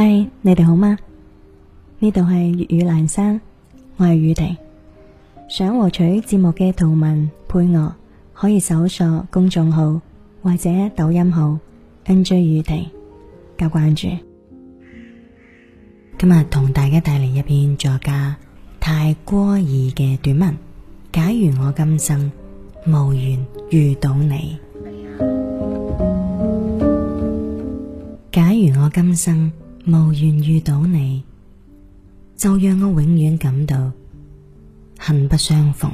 嗨，Hi，你哋好嗎？呢度係粵語闌山，我係雨婷。想獲取節目嘅圖文配樂，可以搜索公眾號或者抖音號 N J 雨婷，加關注。今日同大家帶嚟一篇作家泰戈爾嘅短文。假如我今生無緣遇到你，假如我今生。無緣遇到你，就讓我永遠感到恨不相逢；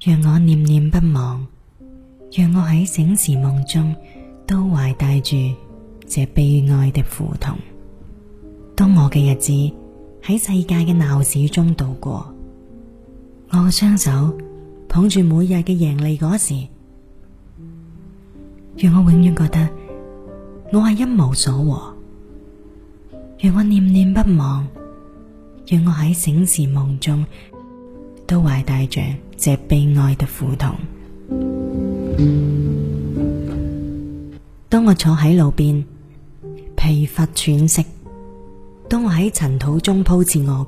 讓我念念不忘，讓我喺醒時夢中都懷帶住這悲哀的苦痛。當我嘅日子喺世界嘅鬧市中度過，我嘅雙手捧住每日嘅盈利嗰時，讓我永遠覺得我係一無所獲。讓我念念不忘，讓我喺醒時夢中都懷帶着這悲哀的苦痛。當我坐喺路邊，疲乏喘息；當我喺塵土中鋪設臥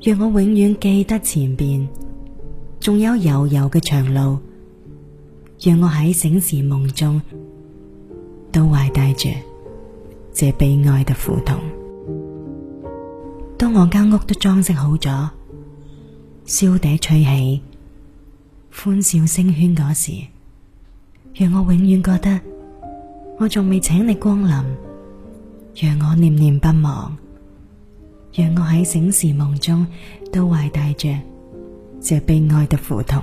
具，讓我永遠記得前邊仲有悠悠嘅長路。讓我喺醒時夢中都懷帶着。這悲哀的苦痛。當我間屋都裝飾好咗，燒笛吹起，歡笑聲喧嗰時，讓我永遠覺得我仲未請你光臨，讓我念念不忘，讓我喺醒時夢中都懷帶着這悲哀的苦痛。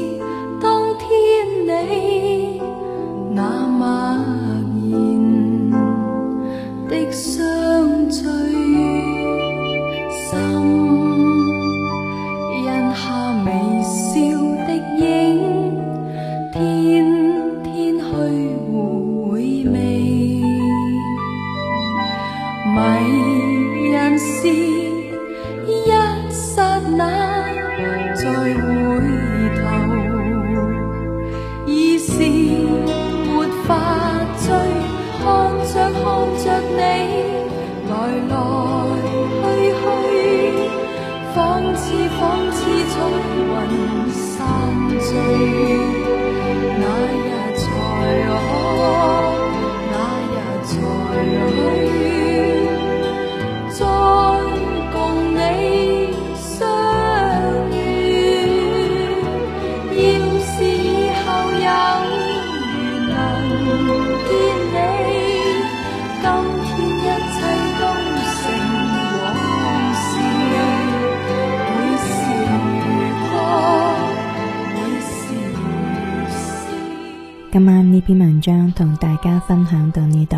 再共你你，相遇，要是以後有緣能見你，今天一切都成往事。今晚呢篇文章同大家分享到呢度。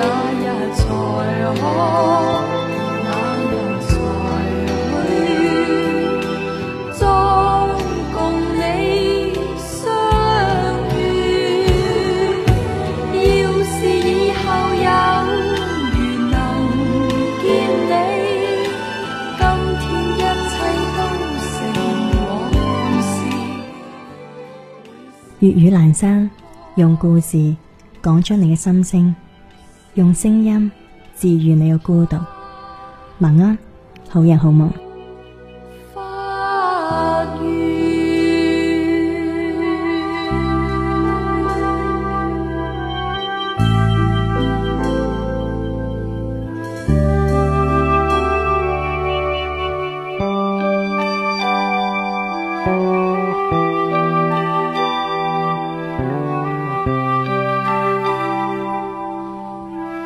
那日才可，那日才會再共你相遇。要是以後有緣能見你，今天一切都成往事。粵語闌珊，用故事講出你嘅心聲。用聲音治愈你嘅孤獨，晚安，好人好夢。